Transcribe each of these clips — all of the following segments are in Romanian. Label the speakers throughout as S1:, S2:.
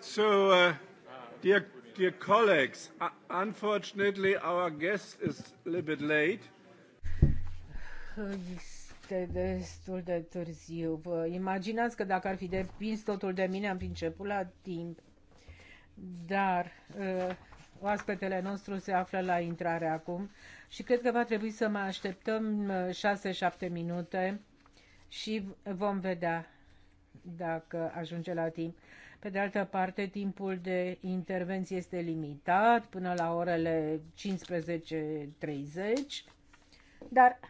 S1: So, uh, dear, dear colleagues, uh, unfortunately our guest is a little bit late.
S2: Este destul de târziu. Vă imaginați că dacă ar fi depins totul de mine, am fi început la timp. Dar uh, oaspetele nostru se află la intrare acum și cred că va trebui să mai așteptăm 6-7 uh, minute și vom vedea dacă ajunge la timp. Pe de altă parte, timpul de intervenție este limitat până la orele 15.30, dar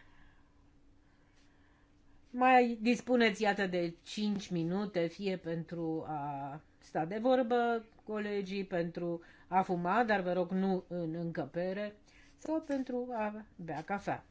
S2: mai dispuneți, iată, de 5 minute, fie pentru a sta de vorbă colegii, pentru a fuma, dar vă rog nu în încăpere, sau pentru a bea cafea.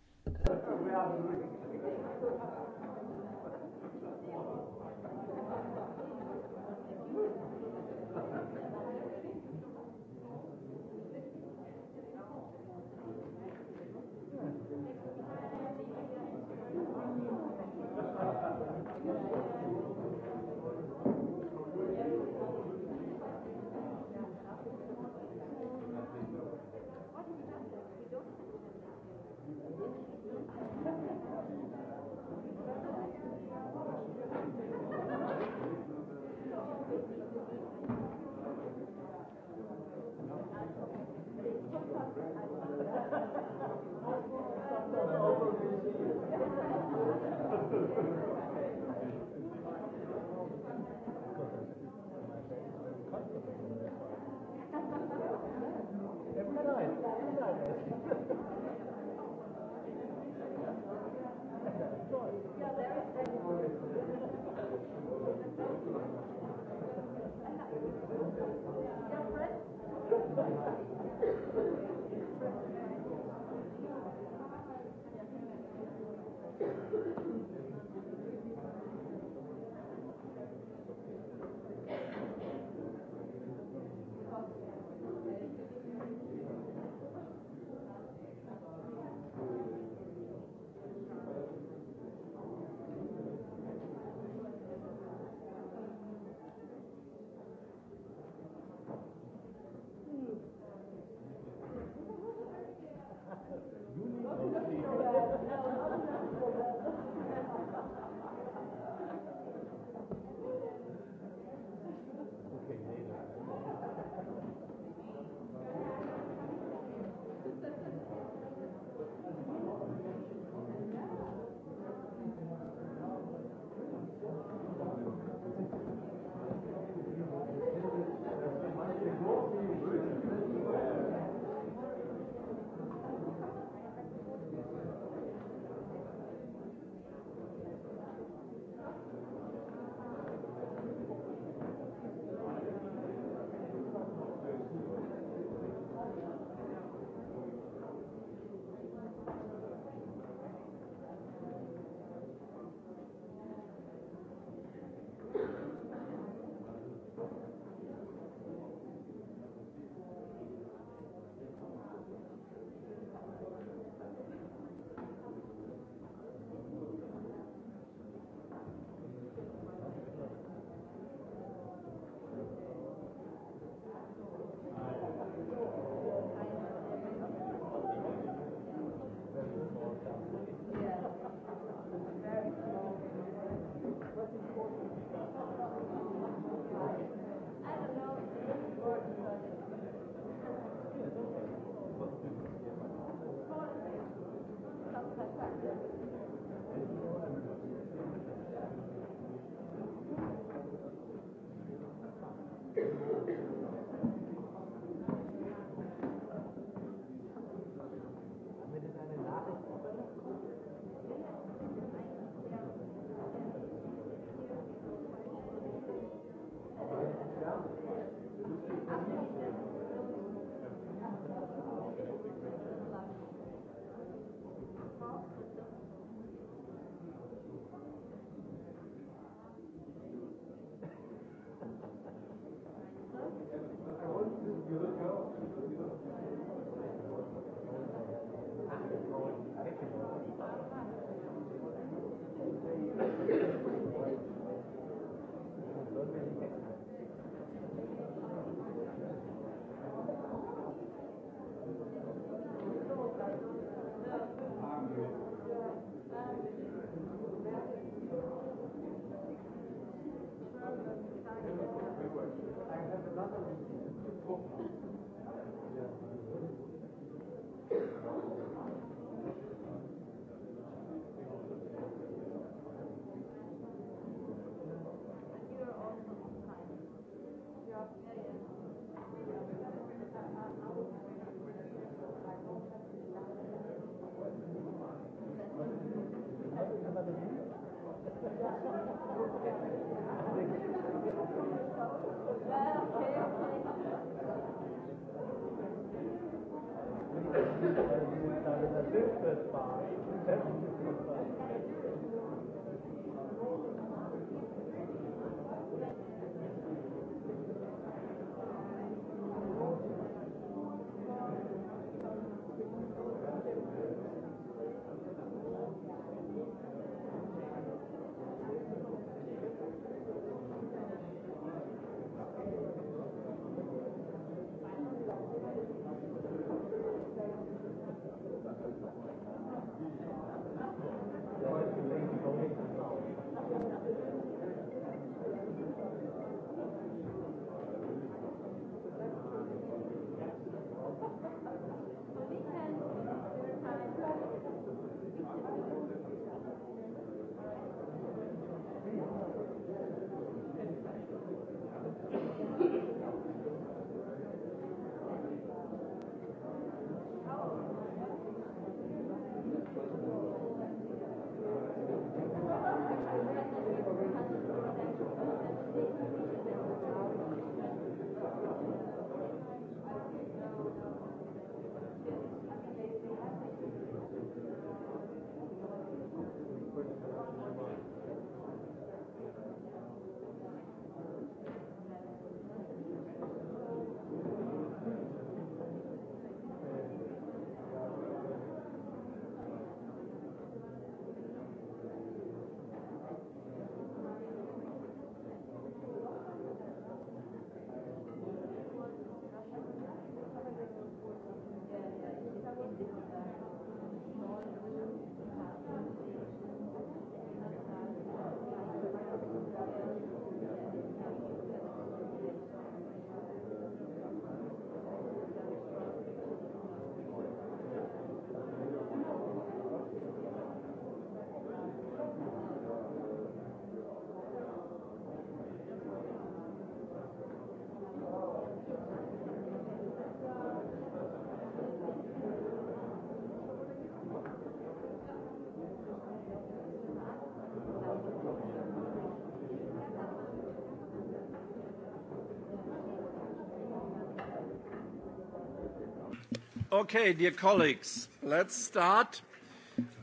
S1: Okay, dear colleagues, let's start.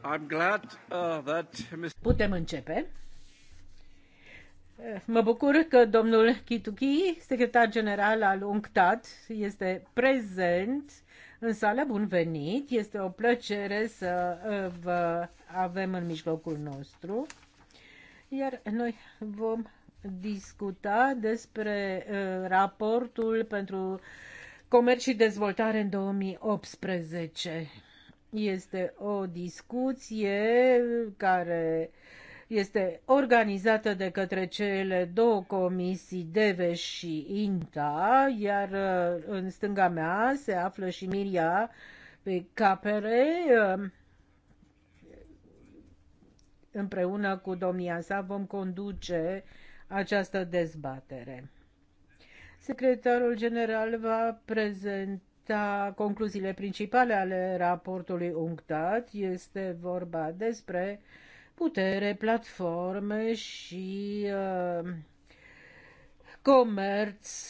S1: I'm glad uh, that
S2: Putem începe. Mă bucur că domnul Kituki, secretar general al UNCTAD, este prezent în sală. Bun venit! Este o plăcere să uh, vă avem în mijlocul nostru. Iar noi vom discuta despre uh, raportul pentru uh, Comerț și dezvoltare în 2018. Este o discuție care este organizată de către cele două comisii DEVE și INTA, iar uh, în stânga mea se află și Miria pe capere uh, împreună cu domnia sa vom conduce această dezbatere. Secretarul general va prezenta concluziile principale ale raportului UNCTAD. Este vorba despre putere, platforme și uh, comerț.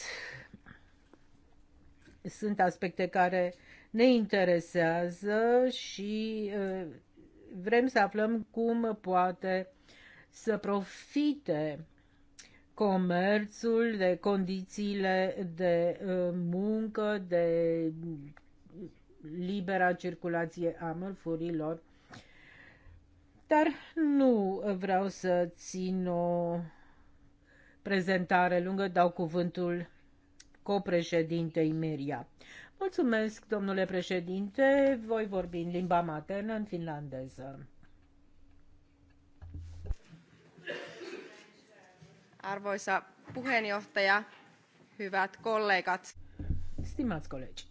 S2: Sunt aspecte care ne interesează și uh, vrem să aflăm cum poate să profite comerțul, de condițiile de uh, muncă, de libera circulație a mărfurilor. Dar nu vreau să țin o prezentare lungă, dau cuvântul copreședintei Miria. Mulțumesc, domnule președinte, voi vorbi în limba maternă, în finlandeză.
S3: Arvoisa puheenjohtaja, hyvät kollegat.
S2: Stimați colegi,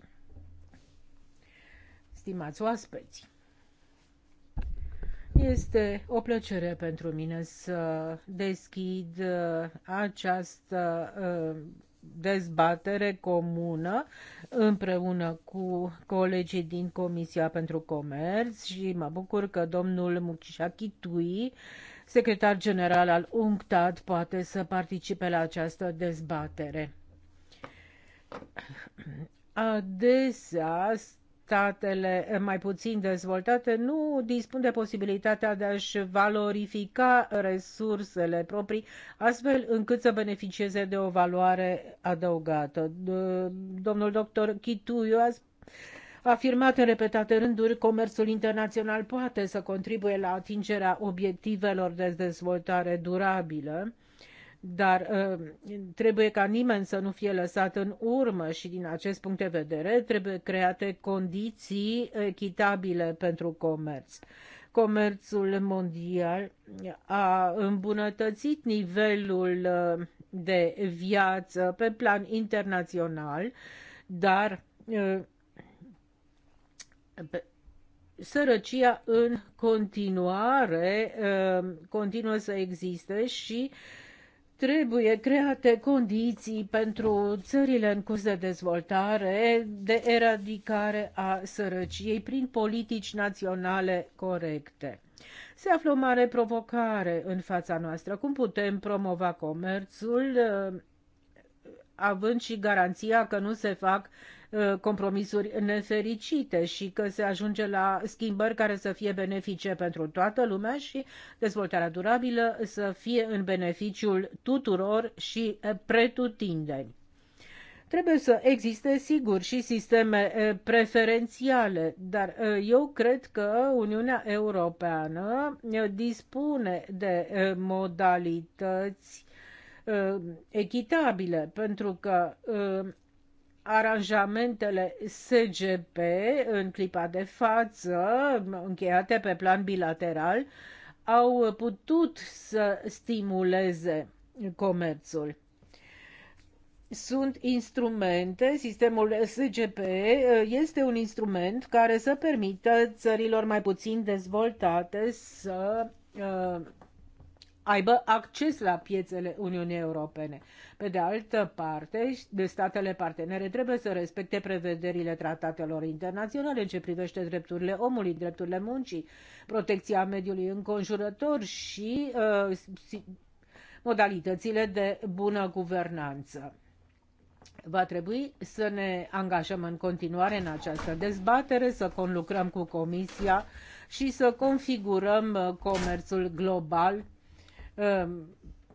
S2: stimați oaspeți, este o plăcere pentru mine să deschid uh, această uh, dezbatere comună împreună cu colegii din Comisia pentru Comerț și mă bucur că domnul Mucișachi Tui secretar general al UNCTAD poate să participe la această dezbatere. Adesea, statele mai puțin dezvoltate nu dispun de posibilitatea de a-și valorifica resursele proprii, astfel încât să beneficieze de o valoare adăugată. Domnul doctor Chituiu a afirmat în repetate rânduri, comerțul internațional poate să contribuie la atingerea obiectivelor de dezvoltare durabilă, dar uh, trebuie ca nimeni să nu fie lăsat în urmă și din acest punct de vedere trebuie create condiții echitabile pentru comerț comerțul mondial a îmbunătățit nivelul uh, de viață pe plan internațional, dar uh, sărăcia în continuare uh, continuă să existe și trebuie create condiții pentru țările în curs de dezvoltare de eradicare a sărăciei prin politici naționale corecte. Se află o mare provocare în fața noastră. Cum putem promova comerțul uh, având și garanția că nu se fac Uh, compromisuri nefericite și că se ajunge la schimbări care să fie benefice pentru toată lumea și dezvoltarea durabilă să fie în beneficiul tuturor și pretutindeni. Trebuie să existe, sigur, și sisteme uh, preferențiale, dar uh, eu cred că Uniunea Europeană dispune de modalități echitabile, pentru că aranjamentele SGP în clipa de față, încheiate pe plan bilateral, au putut să stimuleze comerțul. Sunt instrumente, sistemul SGP eh, este un instrument care să permită țărilor mai puțin dezvoltate să eh, aibă acces la piețele Uniunii Europene. Pe de altă parte, de statele partenere trebuie să respecte prevederile tratatelor internaționale în ce privește drepturile omului, drepturile muncii, protecția mediului înconjurător și uh, modalitățile de bună guvernanță. Va trebui să ne angajăm în continuare în această dezbatere, să conlucrăm cu Comisia și să configurăm uh, comerțul global Um,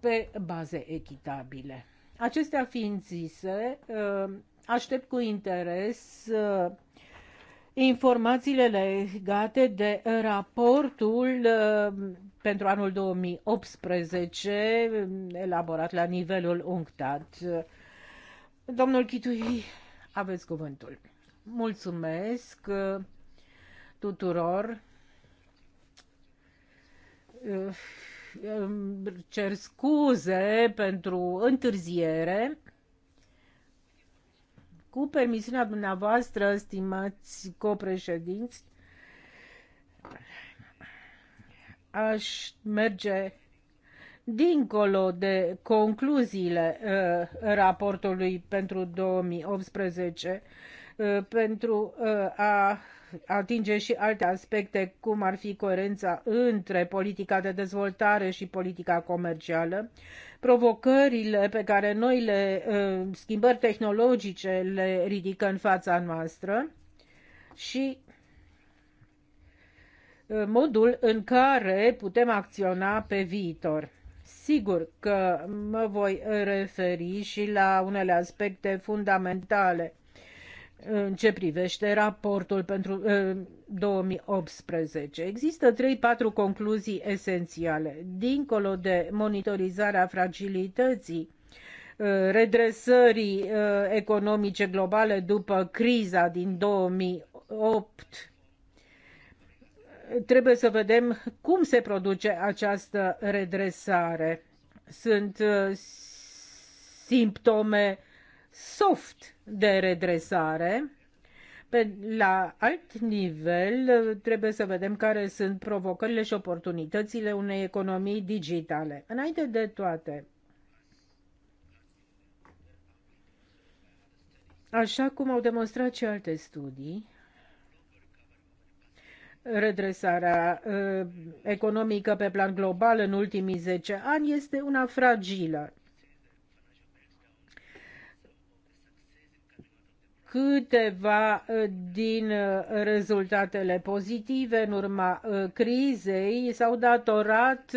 S2: pe baze echitabile. Acestea fiind zise, um, aștept cu interes uh, informațiile legate de raportul um, pentru anul 2018 elaborat la nivelul UNCTAD. Domnul Chitui, aveți cuvântul. Mulțumesc uh, tuturor uh, cer scuze pentru întârziere. Cu permisiunea dumneavoastră, stimați copreședinți, aș merge dincolo de concluziile uh, raportului pentru 2018 uh, pentru uh, a atinge și alte aspecte, cum ar fi coerența între politica de dezvoltare și politica comercială, provocările pe care noile uh, schimbări tehnologice le ridică în fața noastră și uh, modul în care putem acționa pe viitor. Sigur că mă voi referi și la unele aspecte fundamentale în ce privește raportul pentru 2018. Uh, există 3-4 concluzii esențiale. Dincolo de monitorizarea fragilității, uh, redresării uh, economice globale după criza din 2008, trebuie să vedem cum se produce această redresare. Sunt simptome soft de redresare. Pe, la alt nivel, trebuie să vedem care sunt provocările și oportunitățile unei economii digitale. Înainte de toate, așa cum au demonstrat și alte studii, redresarea uh, economică pe plan global în ultimii 10 ani este una fragilă. câteva uh, din uh, rezultatele pozitive în urma uh, crizei s-au datorat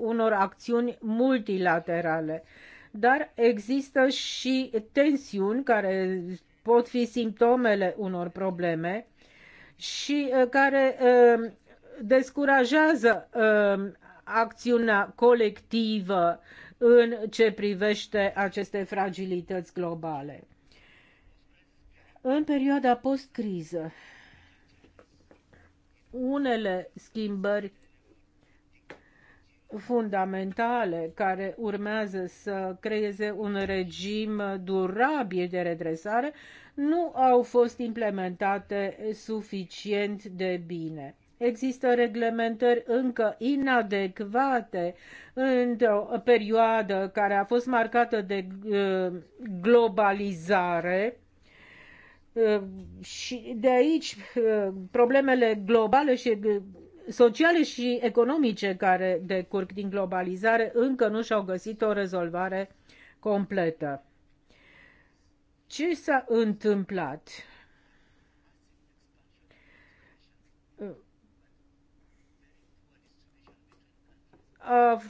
S2: unor acțiuni multilaterale. Dar există și tensiuni care pot fi simptomele unor probleme și care descurajează acțiunea colectivă în ce privește aceste fragilități globale. În perioada post-criză, unele schimbări fundamentale care urmează să creeze un regim durabil de redresare nu au fost implementate suficient de bine. Există reglementări încă inadecvate într-o perioadă care a fost marcată de uh, globalizare Uh, și de aici uh, problemele globale și uh, sociale și economice care decurg din globalizare încă nu și-au găsit o rezolvare completă. Ce s-a întâmplat? A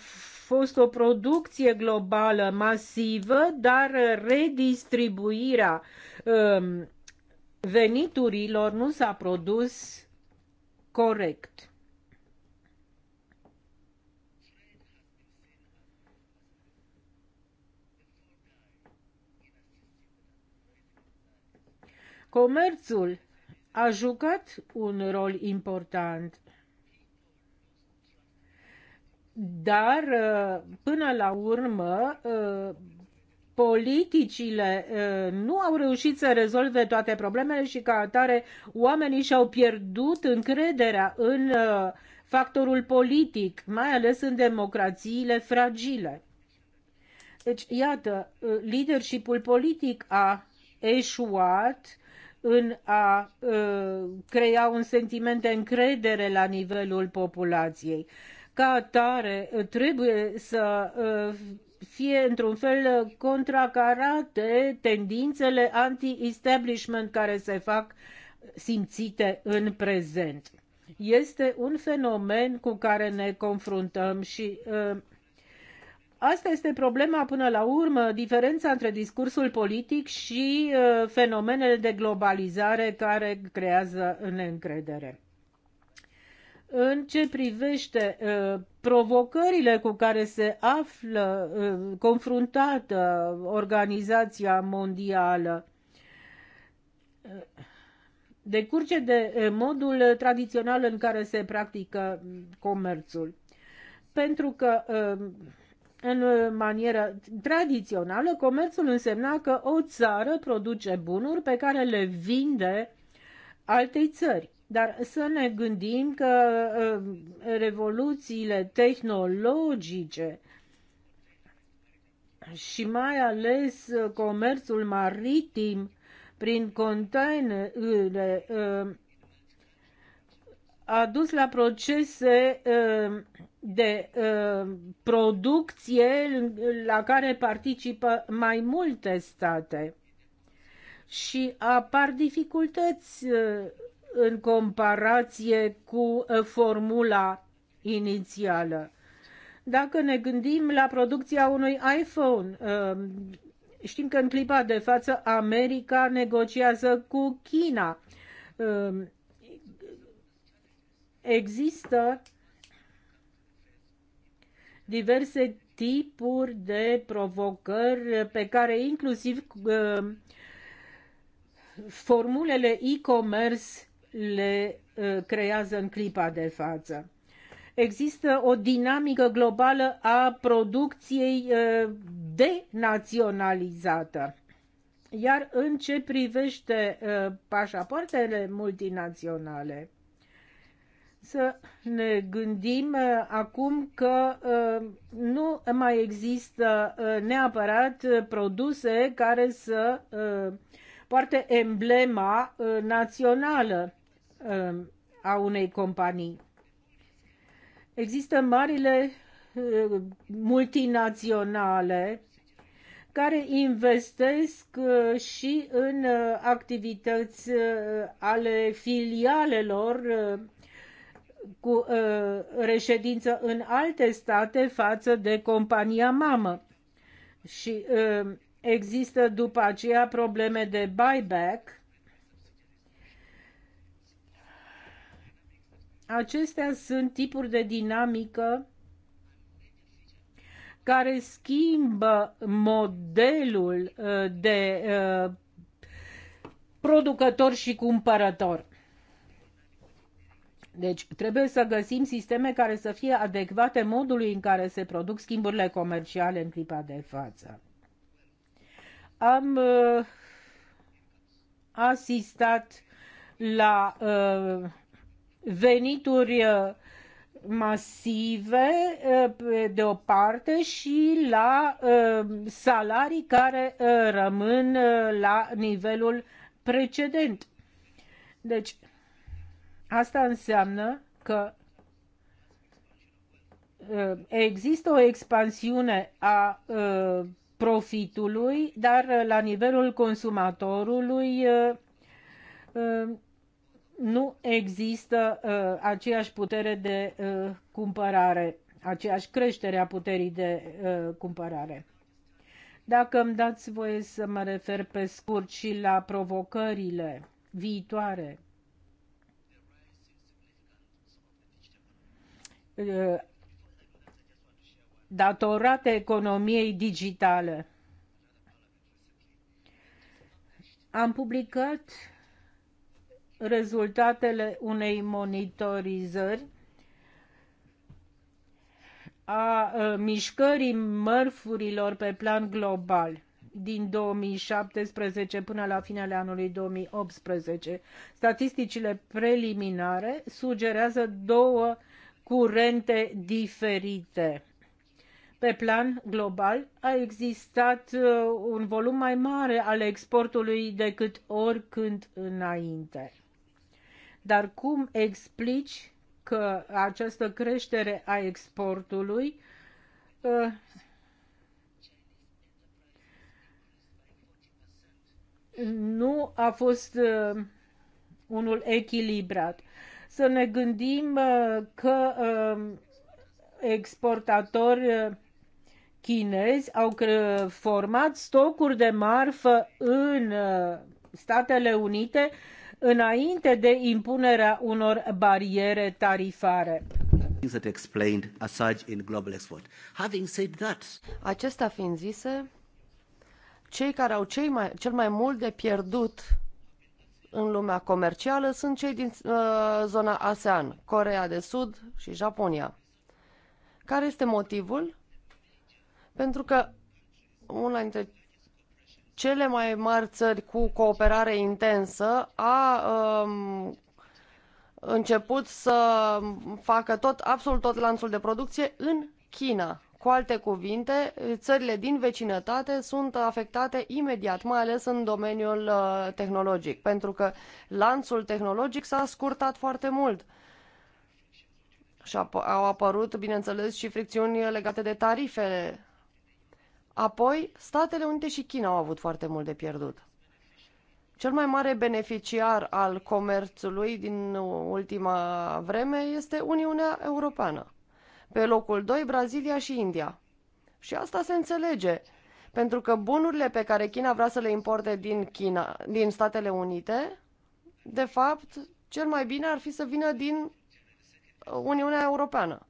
S2: fost o producție globală masivă, dar redistribuirea um, veniturilor nu s-a produs corect. Comerțul a jucat un rol important, dar uh, până la urmă uh, politicile nu au reușit să rezolve toate problemele și ca atare oamenii și-au pierdut încrederea în factorul politic, mai ales în democrațiile fragile. Deci, iată, leadershipul politic a eșuat în a crea un sentiment de încredere la nivelul populației. Ca atare, trebuie să fie într-un fel contracarate tendințele anti-establishment care se fac simțite în prezent. Este un fenomen cu care ne confruntăm și uh, Asta este problema până la urmă, diferența între discursul politic și uh, fenomenele de globalizare care creează neîncredere. În ce privește uh, provocările cu care se află uh, confruntată organizația mondială uh, decurge de uh, modul tradițional în care se practică mm, comerțul. Pentru că în manieră tradițională, comerțul însemna că o țară produce bunuri pe care le vinde altei țări. Dar să ne gândim că uh, revoluțiile tehnologice și mai ales uh, comerțul maritim prin containere uh, a dus la procese de producție la care participă mai multe state și apar dificultăți în comparație cu uh, formula inițială. Dacă ne gândim la producția unui iPhone, um, știm că în clipa de față America negociază cu China. Um, există diverse tipuri de provocări pe care inclusiv um, formulele e-commerce le uh, creează în clipa de față. Există o dinamică globală a producției uh, denaționalizată. Iar în ce privește uh, pașapoartele multinaționale, să ne gândim acum că nu mai există neapărat produse care să poarte emblema națională. Um, a unei companii. Există marile uh, multinaționale care investesc uh, și în uh, activități ale filialelor cu reședință în alte state față de compania mamă. Și există după aceea probleme de buyback Acestea sunt tipuri de dinamică care schimbă modelul uh, de uh, producător și cumpărător. Deci trebuie să găsim sisteme care să fie adecvate modului în care se produc schimburile comerciale în clipa de față. Am uh, asistat la uh, venituri uh, masive uh, de o parte și la uh, salarii care rămân la nivelul precedent. Deci, asta înseamnă că există o expansiune a profitului, dar la nivelul consumatorului nu există uh, aceeași putere de uh, cumpărare, aceeași creștere a puterii de uh, cumpărare. Dacă îmi dați voie să mă refer pe scurt și la provocările viitoare, uh, datorate economiei digitale. Am publicat rezultatele unei monitorizări a mișcării mărfurilor pe plan global din 2017 până la finele anului 2018. Statisticile preliminare sugerează două curente diferite. Pe plan global a existat un volum mai mare al exportului decât oricând înainte. Dar cum explici că această creștere a exportului uh, nu a fost uh, unul echilibrat. Să ne gândim uh, că exportatori chinezi au format stocuri de marfă în Statele Unite înainte de impunerea unor bariere tarifare.
S3: Acestea fiind zise, cei care au cei mai, cel mai mult de pierdut în lumea comercială sunt cei din uh, zona ASEAN, Corea de Sud și Japonia. Care este motivul? Pentru că una dintre cele mai mari țări cu cooperare intensă a um, început să facă tot, absolut tot lanțul de producție în China. Cu alte cuvinte, țările din vecinătate sunt afectate imediat, mai ales în domeniul uh, tehnologic, pentru că lanțul tehnologic s-a scurtat foarte mult. Și au apărut, bineînțeles, și fricțiuni legate de tarifele Apoi, Statele Unite și China au avut foarte mult de pierdut. Cel mai mare beneficiar al comerțului din ultima vreme este Uniunea Europeană. Pe locul 2, Brazilia și India. Și asta se înțelege, pentru că bunurile pe care China vrea să le importe din, China, din Statele Unite, de fapt, cel mai bine ar fi să vină din Uniunea Europeană.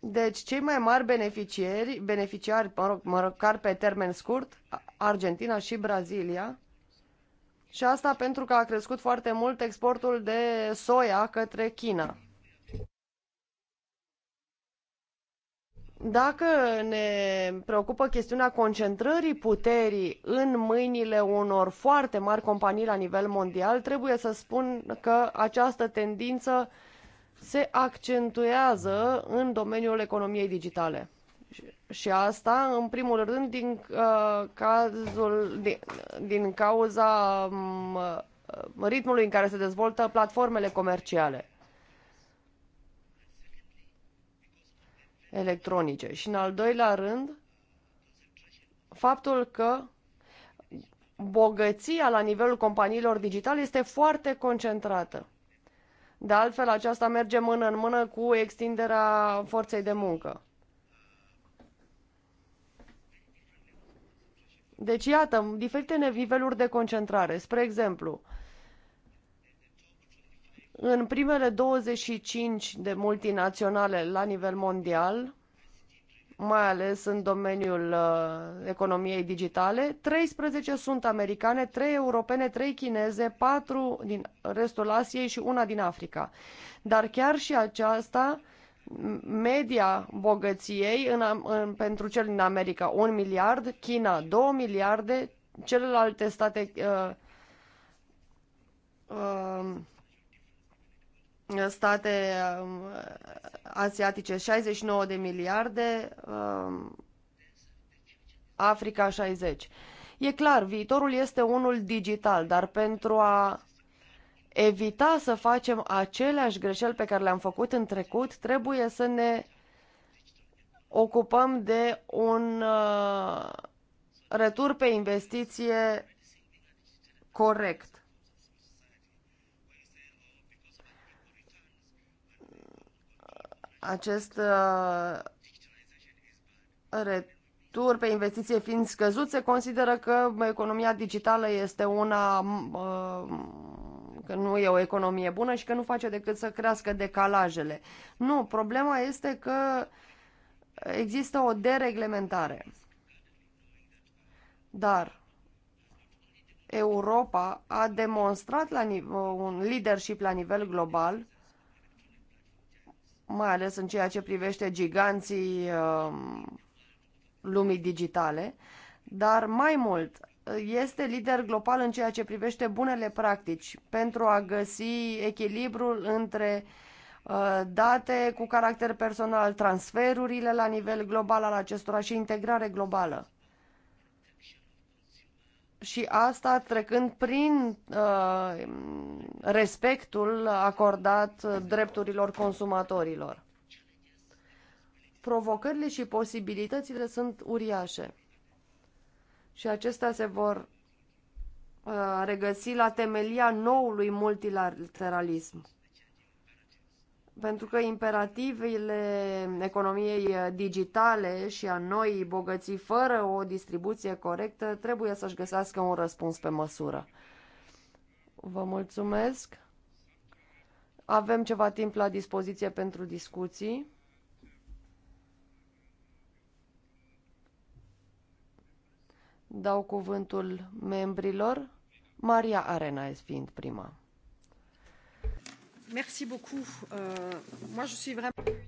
S3: Deci, cei mai mari beneficiari, beneficiari mă rog, măcar pe termen scurt, Argentina și Brazilia, și asta pentru că a crescut foarte mult exportul de soia către China. Dacă ne preocupă chestiunea concentrării puterii în mâinile unor foarte mari companii la nivel mondial, trebuie să spun că această tendință uh, se accentuează în domeniul economiei digitale. Și asta, în primul rând, din, uh, cazul, din, din cauza um, uh, ritmului în care se dezvoltă platformele comerciale electronice. Și, în al doilea rând, faptul că bogăția la nivelul companiilor digitale este foarte concentrată. De altfel, aceasta merge mână în mână cu extinderea forței de muncă. Deci, iată, diferite niveluri de concentrare. Spre exemplu, în primele 25 de multinaționale la nivel mondial, mai ales în domeniul uh, economiei digitale. 13 sunt americane, 3 europene, 3 chineze, 4 din restul Asiei și una din Africa. Dar chiar și aceasta, media bogăției în, în, pentru cel din America 1 miliard, China 2 miliarde, celelalte state uh, uh, state um, asiatice 69 de miliarde, um, Africa 60. E clar, viitorul este unul digital, dar pentru a evita să facem aceleași greșeli pe care le-am făcut în trecut, trebuie să ne ocupăm de un uh, retur pe investiție corect. Acest uh, retur pe investiție fiind scăzut, se consideră că economia digitală este una uh, că nu e o economie bună și că nu face decât să crească decalajele. Nu, problema este că există o dereglementare. Dar Europa a demonstrat la un leadership la nivel global mai ales în ceea ce privește giganții um, lumii digitale, dar mai mult este lider global în ceea ce privește bunele practici pentru a găsi echilibrul între uh, date cu caracter personal, transferurile la nivel global al acestora și integrare globală și asta trecând prin uh, respectul acordat drepturilor consumatorilor. Provocările și posibilitățile sunt uriașe și acestea se vor uh, regăsi la temelia noului multilateralism pentru că imperativele economiei uh, digitale și a noii bogății fără o distribuție corectă trebuie să-și găsească un răspuns pe măsură. Vă mulțumesc. Avem ceva timp la dispoziție pentru discuții. Dau cuvântul membrilor. Maria Arena fiind prima.
S2: Euh,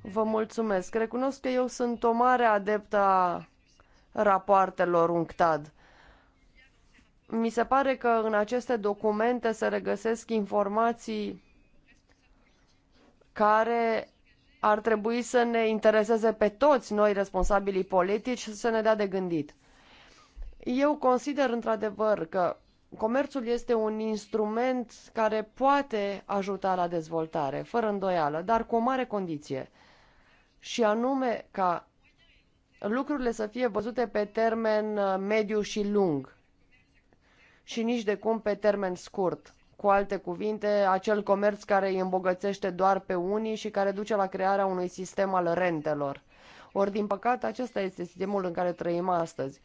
S3: Vă mulțumesc. Recunosc că eu sunt o mare adeptă a rapoartelor UNCTAD. Mi se pare că în aceste documente se regăsesc informații care ar trebui să ne intereseze pe toți noi responsabilii politici și să ne dea de gândit. Eu consider într-adevăr că comerțul este un instrument care poate ajuta la dezvoltare, fără îndoială, dar cu o mare condiție. Și anume ca lucrurile să fie văzute pe termen uh, mediu și lung și nici de cum pe termen scurt. Cu alte cuvinte, acel comerț care îi îmbogățește doar pe unii și care duce la crearea unui sistem al rentelor. Ori, din păcate, acesta este sistemul în care trăim astăzi.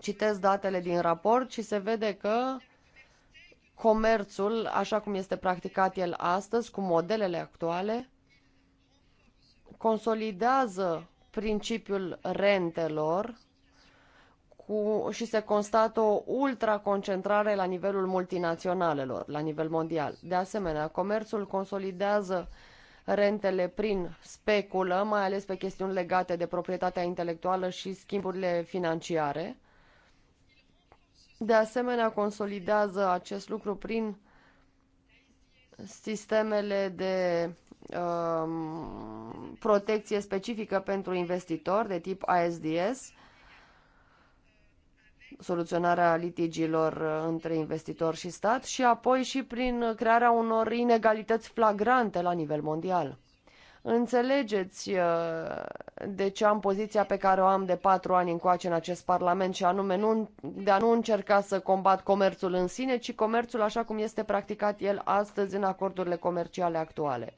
S3: Citesc datele din raport și se vede că comerțul, așa cum este practicat el astăzi, cu modelele actuale, consolidează principiul rentelor cu, și se constată o ultraconcentrare la nivelul multinaționalelor, la nivel mondial. De asemenea, comerțul consolidează rentele prin speculă, mai ales pe chestiuni legate de proprietatea intelectuală și schimburile financiare de asemenea, consolidează acest lucru prin sistemele de um, protecție specifică pentru investitori de tip ASDS, soluționarea litigiilor între investitor și stat și apoi și prin crearea unor inegalități flagrante la nivel mondial. Înțelegeți uh, ce am poziția pe care o am de patru ani încoace în acest Parlament și anume nu, de a nu încerca să combat comerțul în sine, ci comerțul așa cum este practicat el astăzi în acordurile comerciale actuale.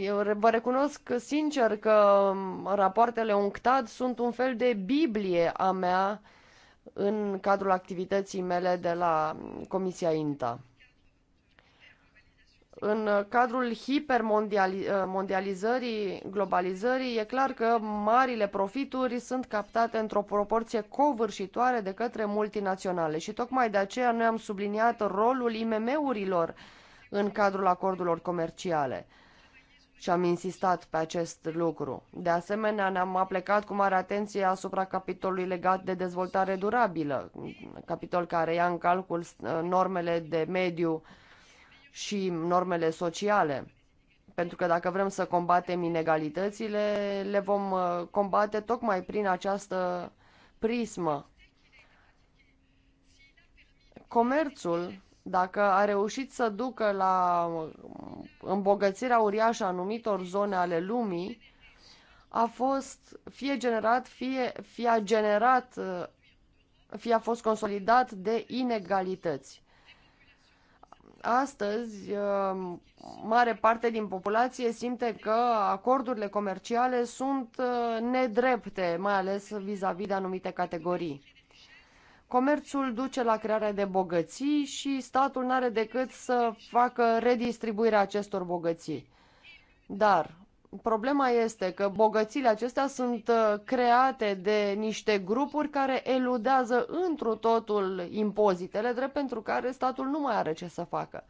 S3: Eu vă recunosc sincer că rapoartele UNCTAD sunt un fel de biblie a mea în cadrul activității mele de la Comisia INTA. În cadrul hipermondializării, ă, globalizării, e clar că marile profituri sunt captate într-o proporție covârșitoare de către multinaționale și tocmai de aceea noi am subliniat rolul IMM-urilor în cadrul acordurilor comerciale și am insistat pe acest lucru. De asemenea, ne-am aplecat cu mare atenție asupra capitolului legat de dezvoltare durabilă, capitol care ia în calcul ă, normele de mediu și normele sociale. Pentru că dacă vrem să combatem inegalitățile, le vom uh, combate tocmai prin această prismă. Comerțul, dacă a reușit să ducă la îmbogățirea uriașă a anumitor zone ale lumii, a fost fie generat, fie, fie a generat, uh, fie a fost consolidat de inegalități. Astăzi, uh, mare parte din populație simte că acordurile comerciale sunt uh, nedrepte, mai ales vis-a-vis -vis de anumite categorii. Comerțul duce la crearea de bogății și statul nu are decât să facă redistribuirea acestor bogății. Dar Problema este că bogățile acestea sunt uh, create de niște grupuri care eludează întru totul impozitele, drept pentru care statul nu mai are ce să facă.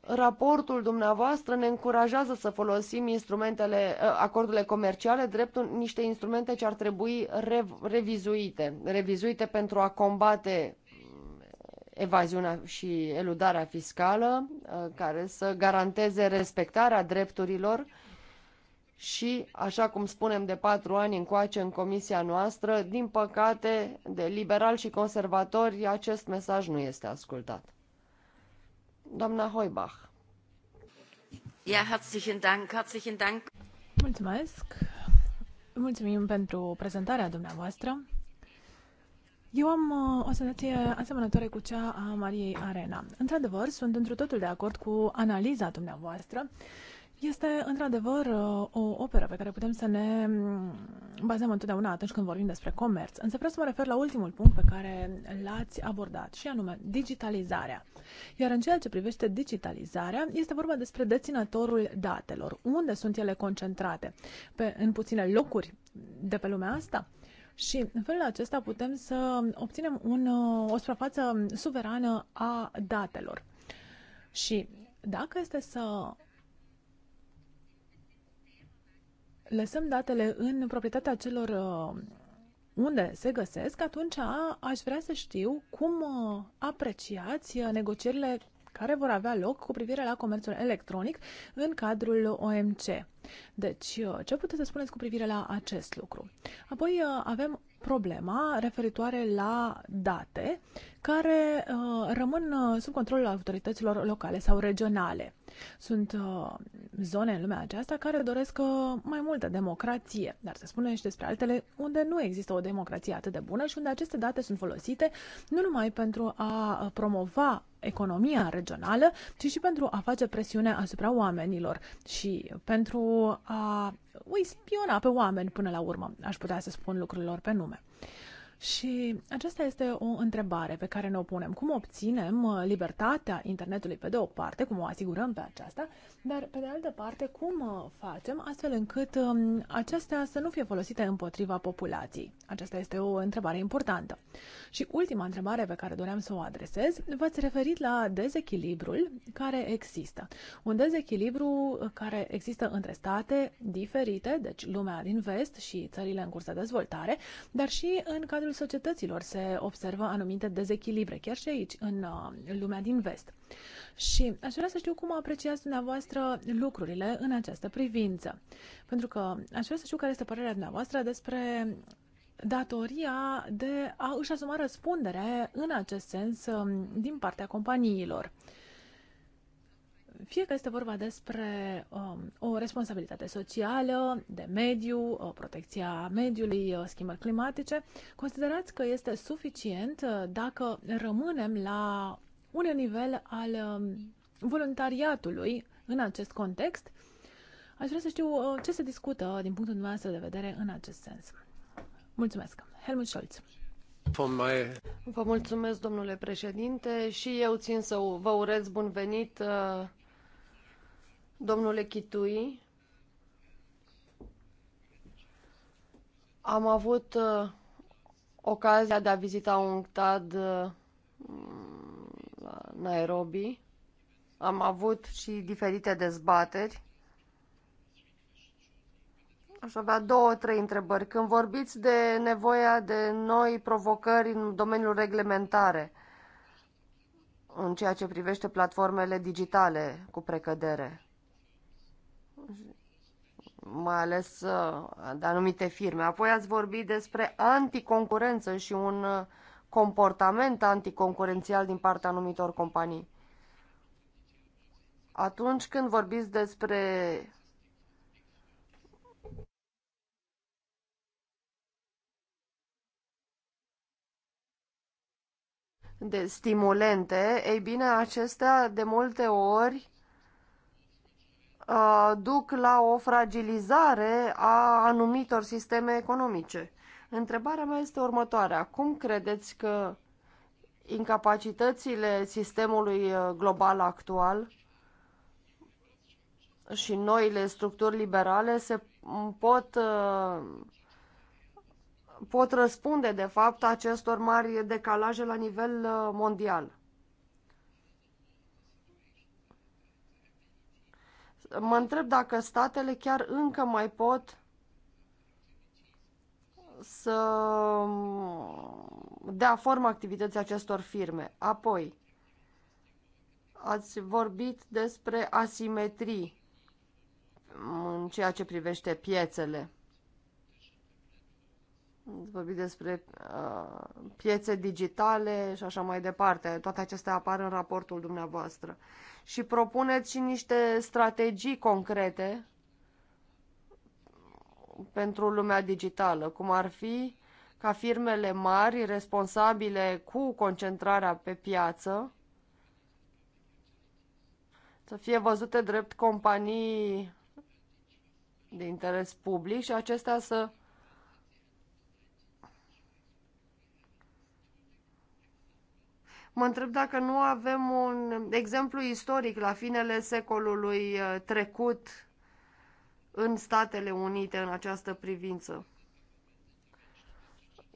S3: Raportul dumneavoastră ne încurajează să folosim instrumentele, uh, acordurile comerciale drept niște instrumente ce ar trebui revizuite, revizuite pentru a combate evaziunea și eludarea fiscală, uh, care să garanteze respectarea drepturilor și, așa cum spunem de patru ani încoace în comisia noastră, din păcate, de liberal și conservatori, acest mesaj nu este ascultat. Doamna Hoibach.
S1: Ja, herzlichen Dank, herzlichen Dank.
S4: Mulțumesc. Mulțumim pentru prezentarea dumneavoastră. Eu am uh, o senzație asemănătoare cu cea a Mariei Arena. Într-adevăr, sunt într totul de acord cu analiza dumneavoastră. Este într-adevăr uh, o operă pe care putem să ne mm, bazăm întotdeauna atunci când vorbim despre comerț. Însă vreau să mă refer la ultimul punct pe care l-ați abordat și anume digitalizarea. Iar în ceea ce privește digitalizarea, este vorba despre deținătorul datelor. Unde sunt ele concentrate? Pe, în puține locuri de pe lumea asta? Și în felul acesta putem să obținem un, o suprafață suverană a datelor. Și dacă este să lăsăm datele în proprietatea celor uh, unde se găsesc, atunci aș vrea să știu cum uh, apreciați uh, negocierile care vor avea loc cu privire la comerțul electronic în cadrul OMC. Deci, uh, ce puteți să spuneți cu privire la acest lucru? Apoi uh, avem problema referitoare la date care uh, rămân sub controlul autorităților locale sau regionale. Sunt uh, zone în lumea aceasta care doresc uh, mai multă democrație, dar se spune și despre altele unde nu există o democrație atât de bună și unde aceste date sunt folosite nu numai pentru a uh, promova economia regională, ci și pentru a face presiune asupra oamenilor și pentru a îi spiona pe oameni până la urmă, aș putea să spun lucrurilor pe nume. Și aceasta este o întrebare pe care ne o punem. Cum obținem uh, libertatea internetului pe de o parte, cum o asigurăm pe aceasta, dar pe de altă parte cum uh, facem astfel încât um, acestea să nu fie folosite împotriva populației? Aceasta este o întrebare importantă. Și ultima întrebare pe care doream să o adresez, v-ați referit la dezechilibrul care există. Un dezechilibru uh, care există între state diferite, deci lumea din vest și țările în curs de dezvoltare, dar și în cadrul nivelul societăților se observă anumite dezechilibre, chiar și aici, în uh, lumea din vest. Și aș vrea să știu cum apreciați dumneavoastră lucrurile în această privință. Pentru că aș vrea să știu care este părerea dumneavoastră despre datoria de a își asuma răspundere în acest sens um, din partea companiilor. Uh, fie că este vorba despre um, o responsabilitate socială, de mediu, o uh, protecția mediului, uh, schimbări climatice, considerați că este suficient uh, dacă rămânem la un nivel al um, voluntariatului în acest context? Aș vrea să știu ce se discută din punctul dumneavoastră de vedere în acest sens. Mulțumesc.
S3: Helmut Scholz. Vă mulțumesc, domnule președinte, și eu țin să vă urez bun venit uh, domnule Chitui, am avut uh, ocazia de a vizita un TAD uh, la Nairobi. Am avut și diferite dezbateri. Aș avea două, trei întrebări. Când vorbiți de nevoia de noi provocări în domeniul reglementare, în ceea ce privește platformele digitale cu precădere, mai ales uh, de anumite firme. Apoi ați vorbit despre anticoncurență și un uh, comportament anticoncurențial din partea anumitor companii. Atunci când vorbiți despre de stimulente, ei bine, acestea de multe ori Uh, duc la o fragilizare a anumitor sisteme economice. Întrebarea mea este următoarea. Cum credeți că incapacitățile sistemului uh, global actual și noile structuri liberale se pot, uh, pot răspunde, de fapt, acestor mari decalaje la nivel mondial? mă întreb dacă statele chiar încă mai pot să dea formă activității acestor firme. Apoi, ați vorbit despre asimetrii în ceea ce privește piețele vorbi despre uh, piețe digitale și așa mai departe. Toate acestea apar în raportul dumneavoastră. Și propuneți și niște strategii concrete pentru lumea digitală, cum ar fi ca firmele mari responsabile cu concentrarea pe piață să fie văzute drept companii de interes public și acestea să Mă întreb dacă nu avem un exemplu istoric la finele secolului uh, trecut în Statele Unite în această privință.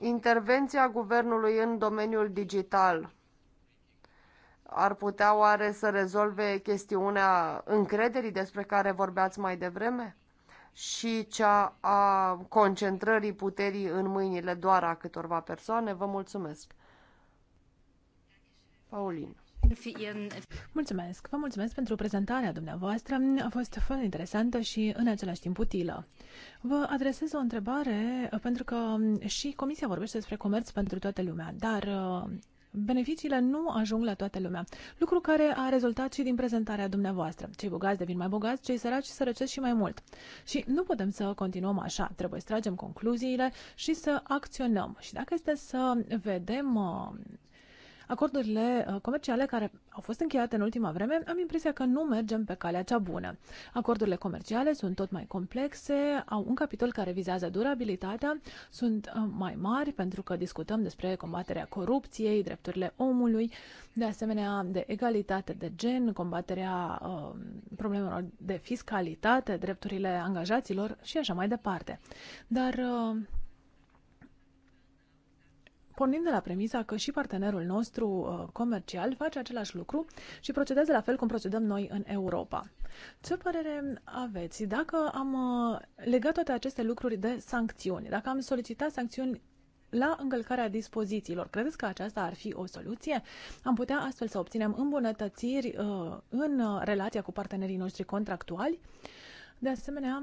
S3: Intervenția guvernului în domeniul digital ar putea oare să rezolve chestiunea încrederii despre care vorbeați mai devreme și cea a concentrării puterii în mâinile doar a câtorva persoane? Vă mulțumesc! Paulin.
S4: Mulțumesc! Vă mulțumesc pentru prezentarea dumneavoastră. A fost foarte interesantă și în același timp utilă. Vă adresez o întrebare pentru că și Comisia vorbește despre comerț pentru toată lumea, dar uh, beneficiile nu ajung la toată lumea, lucru care a rezultat și din prezentarea dumneavoastră. Cei bogați devin mai bogați, cei săraci sărăcesc și mai mult. Și nu putem să continuăm așa, trebuie să tragem concluziile și să acționăm. Și dacă este să vedem uh, acordurile uh, comerciale care au fost încheiate în ultima vreme, am impresia că nu mergem pe calea cea bună. Acordurile comerciale sunt tot mai complexe, au un capitol care vizează durabilitatea, sunt uh, mai mari pentru că discutăm despre combaterea corupției, drepturile omului, de asemenea de egalitate de gen, combaterea uh, problemelor de fiscalitate, drepturile angajaților și așa mai departe. Dar uh, pornind de la premisa că și partenerul nostru uh, comercial face același lucru și procedează la fel cum procedăm noi în Europa. Ce părere aveți dacă am uh, legat toate aceste lucruri de sancțiuni, dacă am solicitat sancțiuni la încălcarea dispozițiilor. Credeți că aceasta ar fi o soluție? Am putea astfel să obținem îmbunătățiri uh, în uh, relația cu partenerii noștri contractuali? De asemenea,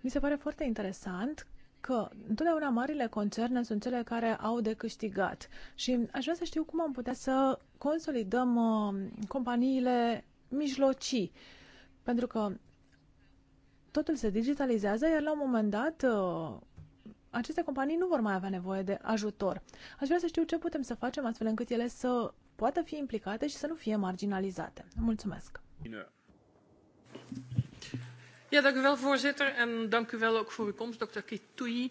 S4: mi se pare foarte interesant că întotdeauna marile concerne sunt cele care au de câștigat și aș vrea să știu cum am putea să consolidăm uh, companiile mijlocii, pentru că totul se digitalizează, iar la un moment dat uh, aceste companii nu vor mai avea nevoie de ajutor. Aș vrea să știu ce putem să facem astfel încât ele să poată fi implicate și să nu fie marginalizate. Mulțumesc!
S1: Bine. Ja, dank u wel, voorzitter. En dank u wel ook voor uw komst, dokter Kitui.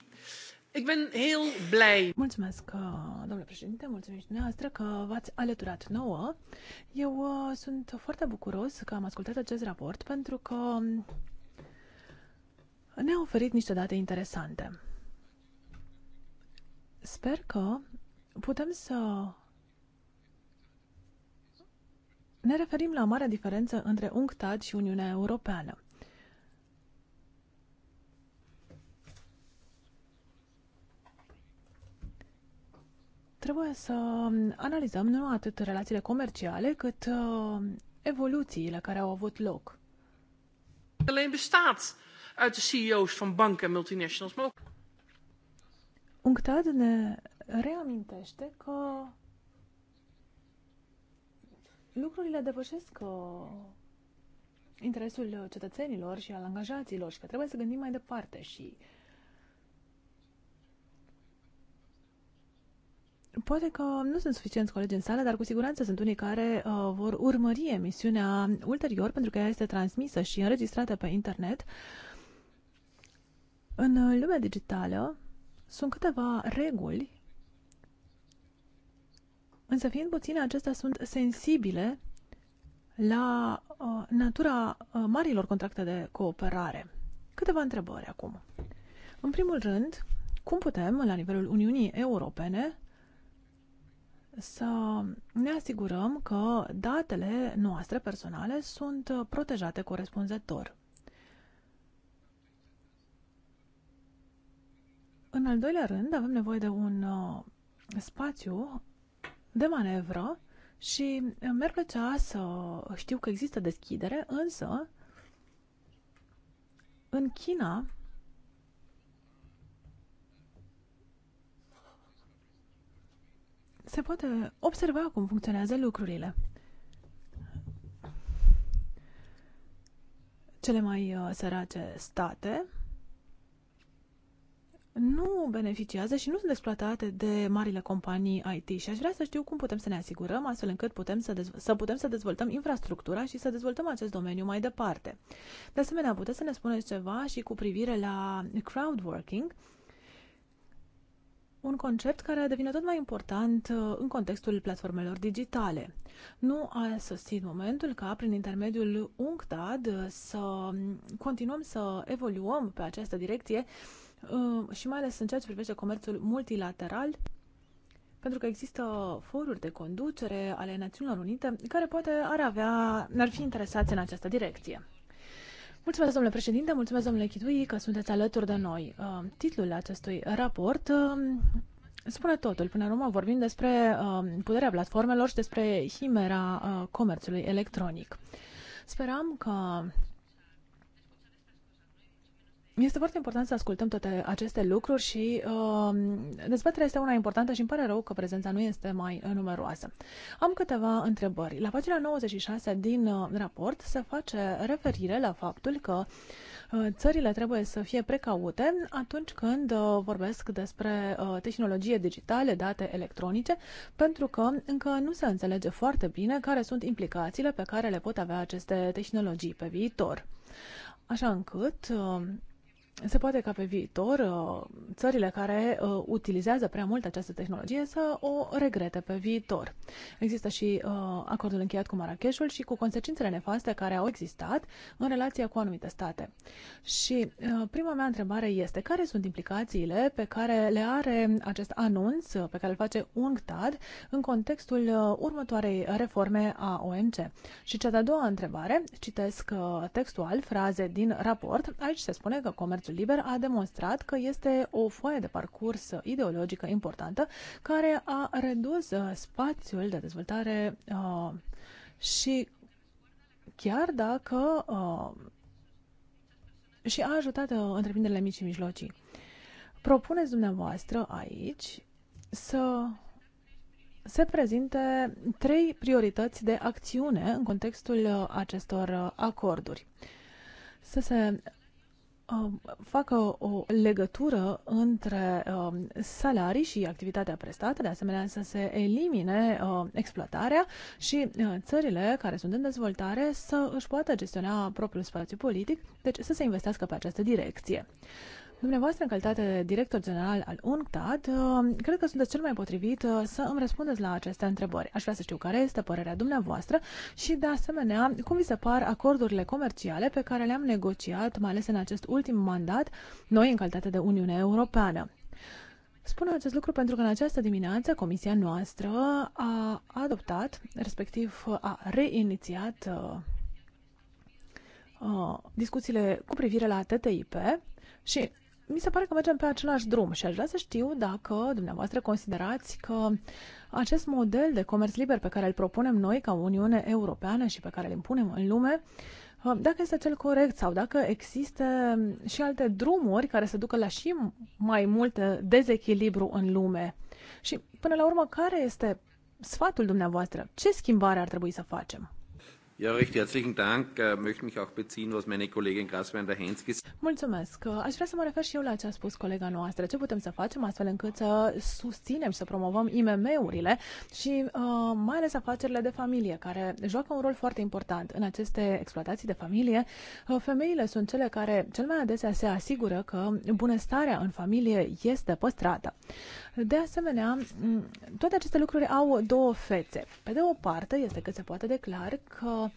S1: Ik ben
S4: heel blij. Mulțumesc, uh, domnule președinte, mulțumesc dumneavoastră că v-ați alăturat nouă. Eu uh, sunt foarte bucuros că am ascultat acest raport pentru că ne-a oferit niște date interesante. Sper că putem să ne referim la marea diferență între UNCTAD și Uniunea Europeană. Trebuie să analizăm nu atât relațiile comerciale, cât uh, evoluțiile care au avut loc. UNCTAD ne reamintește că lucrurile depășesc uh, interesul cetățenilor și al angajaților și că trebuie să gândim mai departe și uh, Poate că nu sunt suficienți colegi în sală, dar cu siguranță sunt unii care uh, vor urmări emisiunea ulterior, pentru că ea este transmisă și înregistrată pe internet. În uh, lumea digitală sunt câteva reguli, însă fiind puține, acestea sunt sensibile la uh, natura uh, marilor contracte de cooperare. Câteva întrebări acum. În primul rând, cum putem, la nivelul Uniunii Europene, să ne asigurăm că datele noastre personale sunt uh, protejate corespunzător. În al doilea rând, avem nevoie de un uh, spațiu de manevră și uh, mi-ar plăcea să știu că există deschidere, însă în China se poate observa cum funcționează lucrurile. Cele mai uh, sărace state nu beneficiază și nu sunt exploatate de marile companii IT și aș vrea să știu cum putem să ne asigurăm astfel încât putem să, să putem să dezvoltăm infrastructura și să dezvoltăm acest domeniu mai departe. De asemenea, puteți să ne spuneți ceva și cu privire la crowdworking, un concept care devine tot mai important uh, în contextul platformelor digitale. Nu a sosit momentul ca prin intermediul UNCTAD uh, să continuăm să evoluăm pe această direcție uh, și mai ales în ceea ce privește comerțul multilateral, pentru că există foruri de conducere ale Națiunilor Unite care poate ar avea, ar fi interesați în această direcție. Mulțumesc, domnule președinte, mulțumesc, domnule Chidui, că sunteți alături de noi. Uh, titlul acestui raport uh, spune totul. Până la urmă vorbim despre uh, puterea platformelor și despre himera comerțului electronic. Speram că este foarte important să ascultăm toate aceste lucruri și uh, dezbaterea este una importantă și îmi pare rău că prezența nu este mai numeroasă. Am câteva întrebări. La pagina 96 din uh, raport se face referire la faptul că uh, țările trebuie să fie precaute atunci când uh, vorbesc despre uh, tehnologie digitale, date electronice, pentru că încă nu se înțelege foarte bine care sunt implicațiile pe care le pot avea aceste tehnologii pe viitor. Așa încât se poate ca pe viitor uh, țările care uh, utilizează prea mult această tehnologie să o regrete pe viitor. Există și uh, acordul încheiat cu Marrakeșul și cu consecințele nefaste care au existat în relația cu anumite state. Și prima mea întrebare este care sunt implicațiile pe care le are acest anunț pe care îl face UNCTAD în contextul următoarei reforme a OMC. Și cea de-a doua întrebare, citesc textual fraze din raport, aici se spune că comerțul Spațiul liber a demonstrat că este o foaie de parcurs ideologică importantă care a redus uh, spațiul de dezvoltare uh, și chiar dacă uh, și a ajutat uh, întreprinderile mici și mijlocii. Propuneți dumneavoastră aici să se prezinte trei priorități de acțiune în contextul uh, acestor uh, acorduri. Să se Um, facă o legătură între um, salarii și activitatea prestată, de asemenea să se elimine um, exploatarea și uh, țările care sunt în dezvoltare să își poată gestiona propriul spațiu politic, deci să se investească pe această direcție. Dumneavoastră, în calitate de director general al UNCTAD, uh, cred că sunteți cel mai potrivit uh, să îmi răspundeți la aceste întrebări. Aș vrea să știu care este părerea dumneavoastră și, de asemenea, cum vi se par acordurile comerciale pe care le-am negociat, mai ales în acest ultim mandat, noi în calitate de Uniune Europeană. Spun acest lucru pentru că în această dimineață comisia noastră a adoptat, respectiv a reinițiat uh, uh discuțiile cu privire la TTIP și mi se pare că mergem pe același drum și aș vrea să știu dacă dumneavoastră considerați că acest model de comerț liber pe care îl propunem noi ca Uniune Europeană și pe care îl impunem în lume, ă, dacă este cel corect sau dacă există și alte drumuri care se ducă la și mai mult dezechilibru în lume. Și până la urmă, care este sfatul dumneavoastră? Ce schimbare ar trebui să facem?
S2: Ja, recht herzlichen Dank. Uh, Möchte mich auch beziehen, was meine Kollegin Graswender Heinz gesagt hat.
S4: Mulțumesc. Äh, aș vrea să mă refer și eu la ce a spus colega noastră. Ce putem să facem astfel încât să susținem și să promovăm IMM-urile și uh, mai ales afacerile de familie, care joacă un rol foarte important în aceste exploatații de familie. Uh, femeile sunt cele care cel mai adesea se asigură că bunăstarea în familie este păstrată. De asemenea, toate aceste lucruri au două fețe. Pe de o parte, este că se poate declar că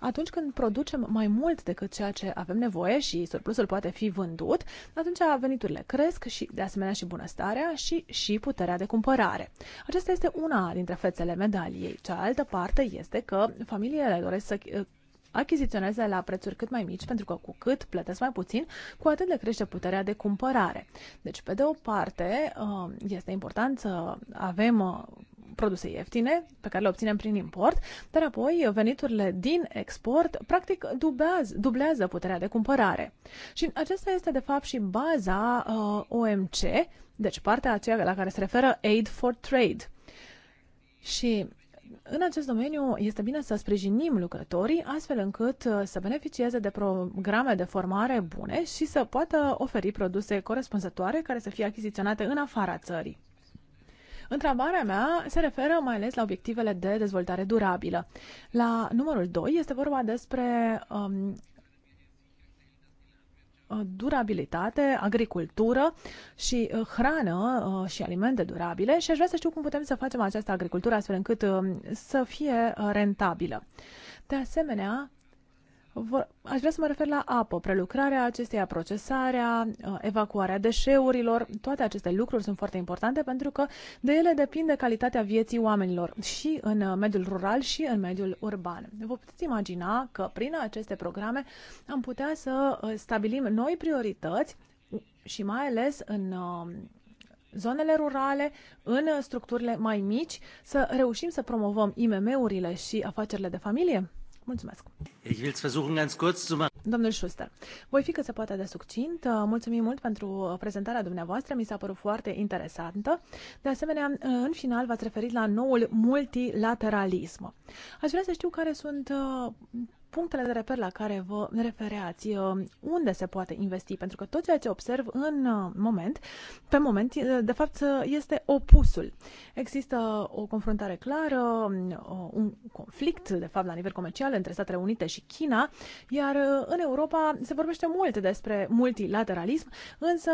S4: atunci când producem mai mult decât ceea ce avem nevoie și surplusul poate fi vândut, atunci veniturile cresc și, de asemenea, și bunăstarea și, și puterea de cumpărare. Aceasta este una dintre fețele medaliei. Cealaltă parte este că familiile doresc să achiziționeze la prețuri cât mai mici, pentru că cu cât plătesc mai puțin, cu atât le crește puterea de cumpărare. Deci, pe de o parte, um, este important să avem uh, produse ieftine pe care le obținem prin import, dar apoi veniturile din export practic dublează, dublează puterea de cumpărare. Și acesta este de fapt și baza uh, OMC, deci partea aceea la care se referă Aid for Trade. Și în acest domeniu este bine să sprijinim lucrătorii astfel încât uh, să beneficieze de programe de formare bune și să poată oferi produse corespunzătoare care să fie achiziționate în afara țării. Întrebarea mea se referă mai ales la obiectivele de dezvoltare durabilă. La numărul 2 este vorba despre um, Uh, durabilitate, agricultură și uh, hrană uh, și alimente durabile și aș vrea să știu cum putem să facem această agricultură astfel încât um, să fie rentabilă. De asemenea, Aș vrea să mă refer la apă, prelucrarea acesteia, procesarea, uh, evacuarea deșeurilor. Toate aceste lucruri sunt foarte importante pentru că de ele depinde calitatea vieții oamenilor și în uh, mediul rural și în mediul urban. Vă puteți imagina că prin aceste programe am putea să uh, stabilim noi priorități și mai ales în zonele rurale, în structurile mai mici, să reușim să promovăm IMM-urile și afacerile de familie? Mulțumesc! Domnul Schuster, voi fi cât se poate de succint. Uh, mulțumim mult pentru uh, prezentarea dumneavoastră, mi s-a părut foarte interesantă. De asemenea, uh, în final v-ați referit la noul multilateralism. Aș vrea să știu care sunt punctele de reper la care vă refereați, uh, unde se poate investi, pentru că tot ceea ce observ în uh, moment, pe moment, uh, de fapt, este opusul. Există o confruntare clară, un conflict, de fapt, la nivel comercial între Statele Unite și China, iar în Europa se vorbește mult despre multilateralism, însă,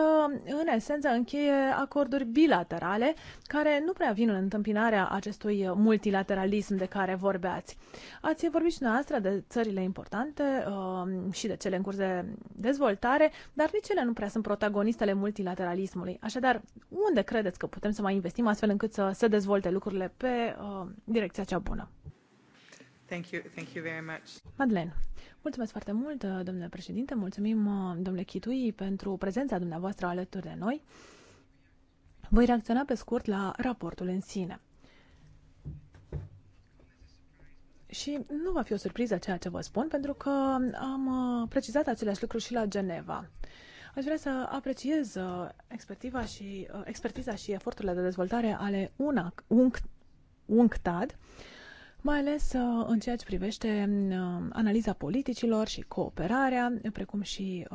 S4: în esență, încheie acorduri bilaterale care nu prea vin în întâmpinarea acestui multilateralism de care vorbeați. Ați vorbit și noastră de țări țările importante uh, și de cele în curs de dezvoltare, dar nici ele nu prea sunt protagonistele multilateralismului. Așadar, unde credeți că putem să mai investim astfel încât să se dezvolte lucrurile pe uh, direcția cea bună?
S1: Thank you, thank you very much.
S4: Madeleine, mulțumesc foarte mult, domnule președinte, mulțumim, uh, domnule Chitui, pentru prezența dumneavoastră alături de noi. Voi reacționa pe scurt la raportul în sine. Și nu va fi o surpriză ceea ce vă spun, pentru că am uh, precizat același lucru și la Geneva. Aș vrea să apreciez uh, expertiva și, uh, expertiza și eforturile de dezvoltare ale UNAC, UNC, UNCTAD, mai ales în ceea ce privește analiza politicilor și cooperarea, precum și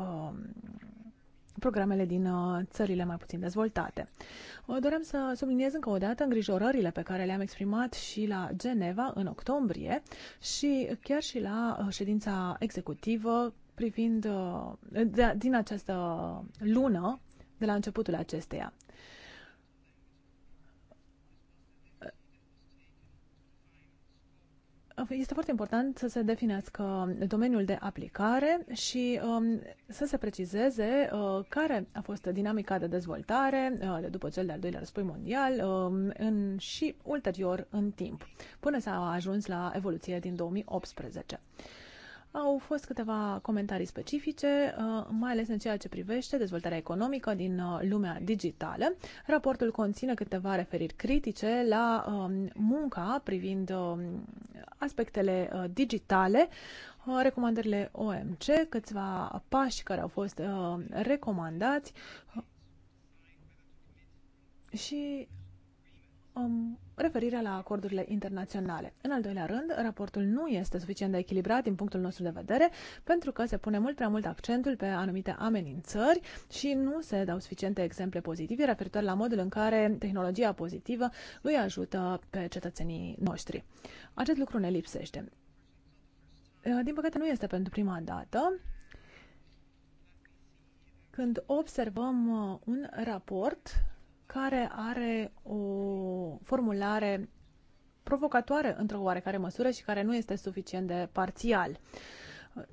S4: programele din uh, țările mai puțin dezvoltate. Uh, doream să subliniez încă o dată îngrijorările pe care le-am exprimat și la Geneva în octombrie și chiar și la uh, ședința executivă privind din această lună de la începutul acesteia. Este foarte important să se definească domeniul de aplicare și um, să se precizeze uh, care a fost dinamica de dezvoltare uh, de după cel de-al doilea război mondial um, în, și ulterior în timp, până s-a ajuns la evoluție din 2018. Au fost câteva comentarii specifice, uh, mai ales în ceea ce privește dezvoltarea economică din uh, lumea digitală. Raportul conține câteva referiri critice la um, munca privind um, aspectele uh, digitale, uh, recomandările OMC, câțiva pași care au fost uh, recomandați și um, referirea la acordurile internaționale. În al doilea rând, raportul nu este suficient de echilibrat din punctul nostru de vedere, pentru că se pune mult prea mult accentul pe anumite amenințări și nu se dau suficiente exemple pozitive referitor la modul în care tehnologia pozitivă îi ajută pe cetățenii noștri. Acest lucru ne lipsește. Uh, din păcate, nu este pentru prima dată când observăm uh, un raport care are o formulare provocatoare într-o oarecare măsură și care nu este suficient de parțial.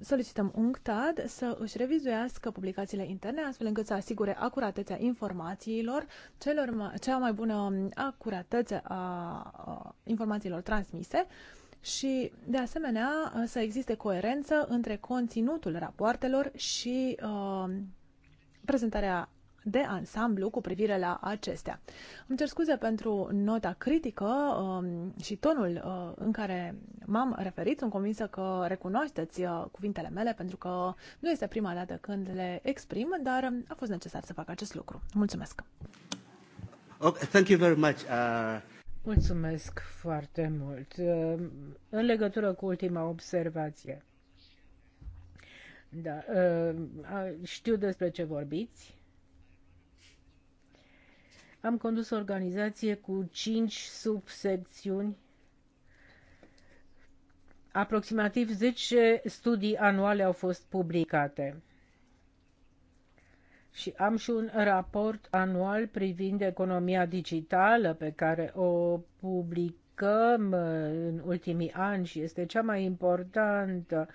S4: Solicităm UNCTAD să își revizuiască publicațiile interne astfel încât să asigure acuratețea informațiilor, celor mai, cea mai bună acuratețe a, a informațiilor transmise și, de asemenea, să existe coerență între conținutul rapoartelor și uh, prezentarea de ansamblu cu privire la acestea. Îmi cer scuze pentru nota critică um, și tonul uh, în care m-am referit. Sunt convinsă că recunoașteți uh, cuvintele mele pentru că nu este prima dată când le exprim, dar a fost necesar să fac acest lucru. Mulțumesc!
S1: Okay, thank you very much. Uh...
S2: Mulțumesc foarte mult. Uh, în legătură cu ultima observație, da, știu despre ce vorbiți. Am condus o organizație cu cinci subsecțiuni, aproximativ 10 studii anuale au fost publicate și am și un raport anual privind economia digitală pe care o publicăm uh, în ultimii ani și este cea mai importantă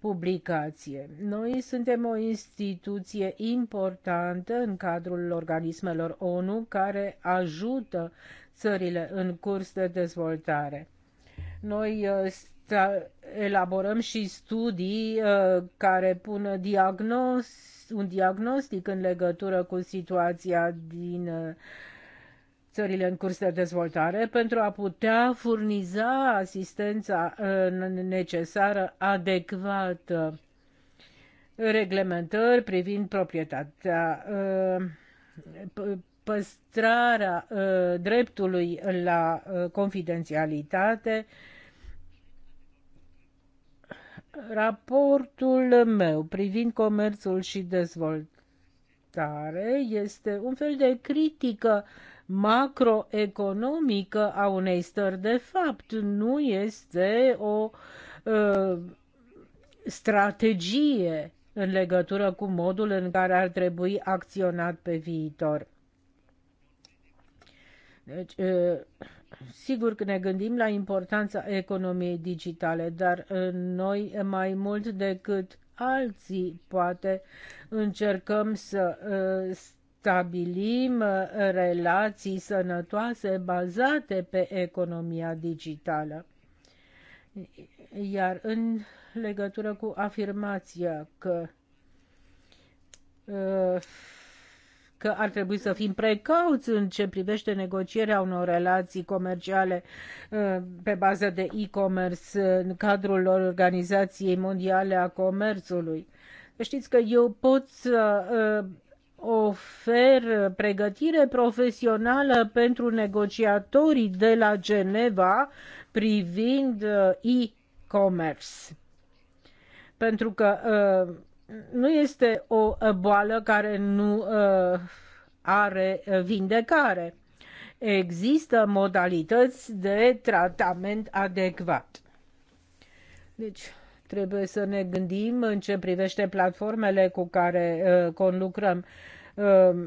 S2: publicație. Noi suntem o instituție importantă în cadrul organismelor ONU care ajută țările în curs de dezvoltare. Noi uh, elaborăm și studii uh, care pun diagnos, un diagnostic în legătură cu situația din uh, țările în curs de dezvoltare pentru a putea furniza asistența uh, necesară, adecvată, reglementări privind proprietatea, uh, păstrarea uh, dreptului la confidențialitate, Raportul meu privind comerțul și dezvoltare este un fel de critică macroeconomică a unei stări de fapt, nu este o uh, strategie în legătură cu modul în care ar trebui acționat pe viitor. Deci, uh, Sigur că ne gândim la importanța economiei digitale, dar uh, noi mai mult decât alții poate încercăm să uh, stabilim uh, relații sănătoase bazate pe economia digitală. Iar în legătură cu afirmația că uh, că ar trebui să fim precauți în ce privește negocierea unor relații comerciale uh, pe bază de e-commerce în cadrul Organizației Mondiale a Comerțului. Știți că eu pot să ofer pregătire profesională pentru negociatorii de la Geneva privind uh, e-commerce. Pentru că uh, nu este o uh, boală care nu are vindecare. Există modalități de tratament adecvat. Deci, Trebuie să ne gândim în ce privește platformele cu care uh, conlucrăm uh,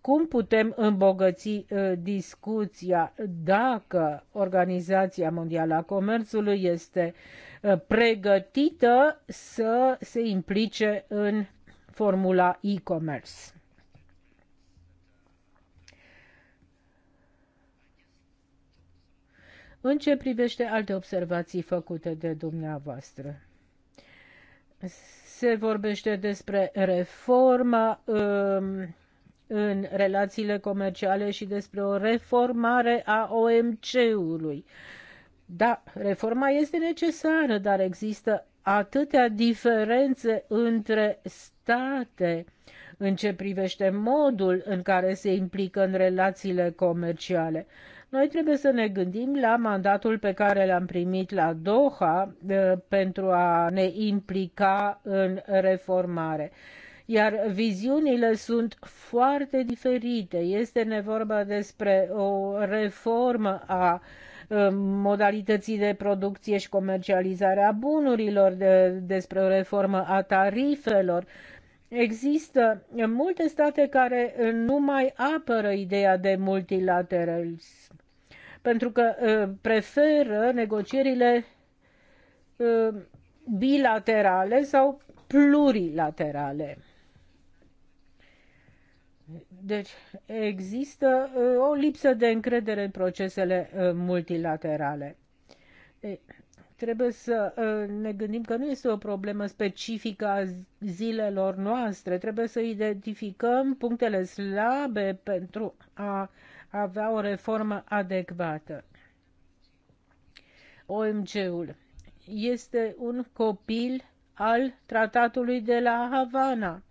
S2: cum putem îmbogăți uh, discuția dacă Organizația Mondială a Comerțului este pregătită să se implice în formula e-commerce. În ce privește alte observații făcute de dumneavoastră? Se vorbește despre reforma um, în relațiile comerciale și despre o reformare a OMC-ului. Da, reforma este necesară, dar există atâtea diferențe între state în ce privește modul în care se implică în relațiile comerciale. Noi trebuie să ne gândim la mandatul pe care l-am primit la Doha eh, pentru a ne implica în reformare iar viziunile sunt foarte diferite. Este ne vorba despre o reformă a eh, modalității de producție și comercializare a bunurilor, de, despre o reformă a tarifelor. Există multe state care nu mai apără ideea de multilateralism pentru că uh, preferă negocierile uh, bilaterale sau plurilaterale. Deci există uh, o lipsă de încredere în procesele multilaterale. Trebuie să ne gândim că nu este o problemă specifică a zilelor noastre. Trebuie să identificăm punctele slabe pentru a avea o reformă adecvată. OMG-ul este un copil al tratatului de la Havana.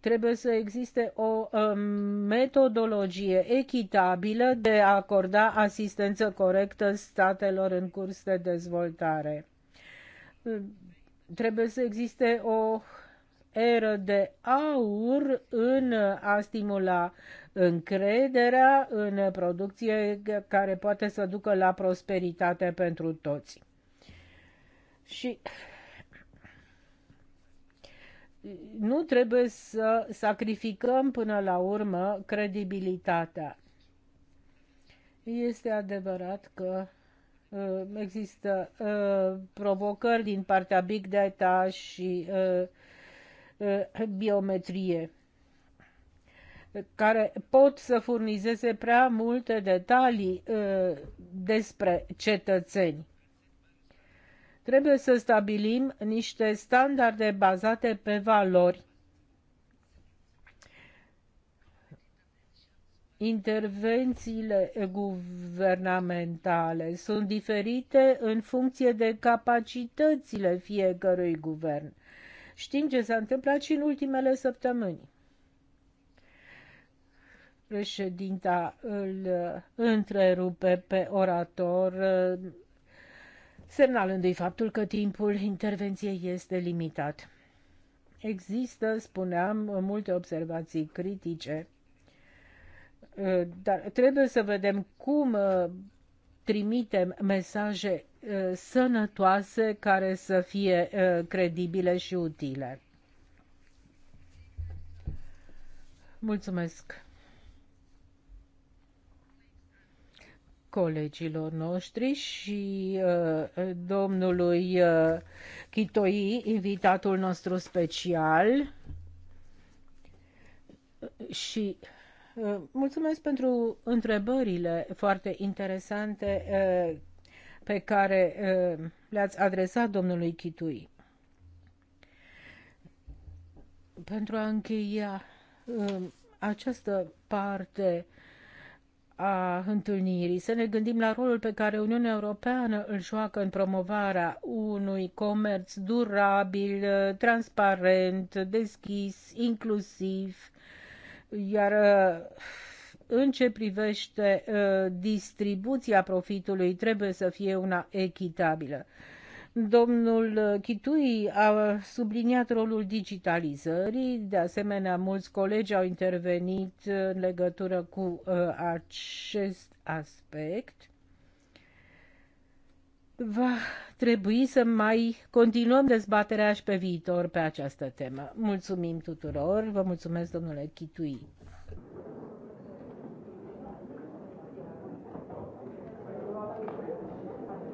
S2: Trebuie să existe o um, metodologie echitabilă de a acorda asistență corectă statelor în curs de dezvoltare. Trebuie să existe o eră de aur în a stimula încrederea în producție care poate să ducă la prosperitate pentru toți. Și nu trebuie să sacrificăm până la urmă credibilitatea. Este adevărat că uh, există uh, provocări din partea big data și uh, Uh, biometrie care pot să furnizeze prea multe detalii uh, despre cetățeni. Trebuie să stabilim niște standarde bazate pe valori. Intervențiile guvernamentale sunt diferite în funcție de capacitățile fiecărui guvern. Știm ce s-a întâmplat și în ultimele săptămâni. Președinta îl uh, întrerupe pe orator, uh, semnalându-i faptul că timpul intervenției este limitat. Există, spuneam, multe observații critice, uh, dar trebuie să vedem cum trimitem mesaje Uh, sănătoase care să fie uh, credibile și utile. Mulțumesc colegilor noștri și uh, domnului Chitoi, invitatul nostru special. Și mulțumesc pentru întrebările foarte interesante pe care le-ați adresat domnului Chitui. Pentru a încheia această parte a întâlnirii, să ne gândim la rolul pe care Uniunea Europeană îl joacă în promovarea unui comerț durabil, transparent, deschis, inclusiv, iar uh, în ce privește uh, distribuția profitului trebuie să fie una echitabilă. Domnul uh, Chitui a subliniat rolul digitalizării, de asemenea mulți colegi au intervenit uh, în legătură cu acest aspect va trebui să mai continuăm dezbaterea și pe viitor pe această temă. Mulțumim tuturor, vă mulțumesc domnule Chitui.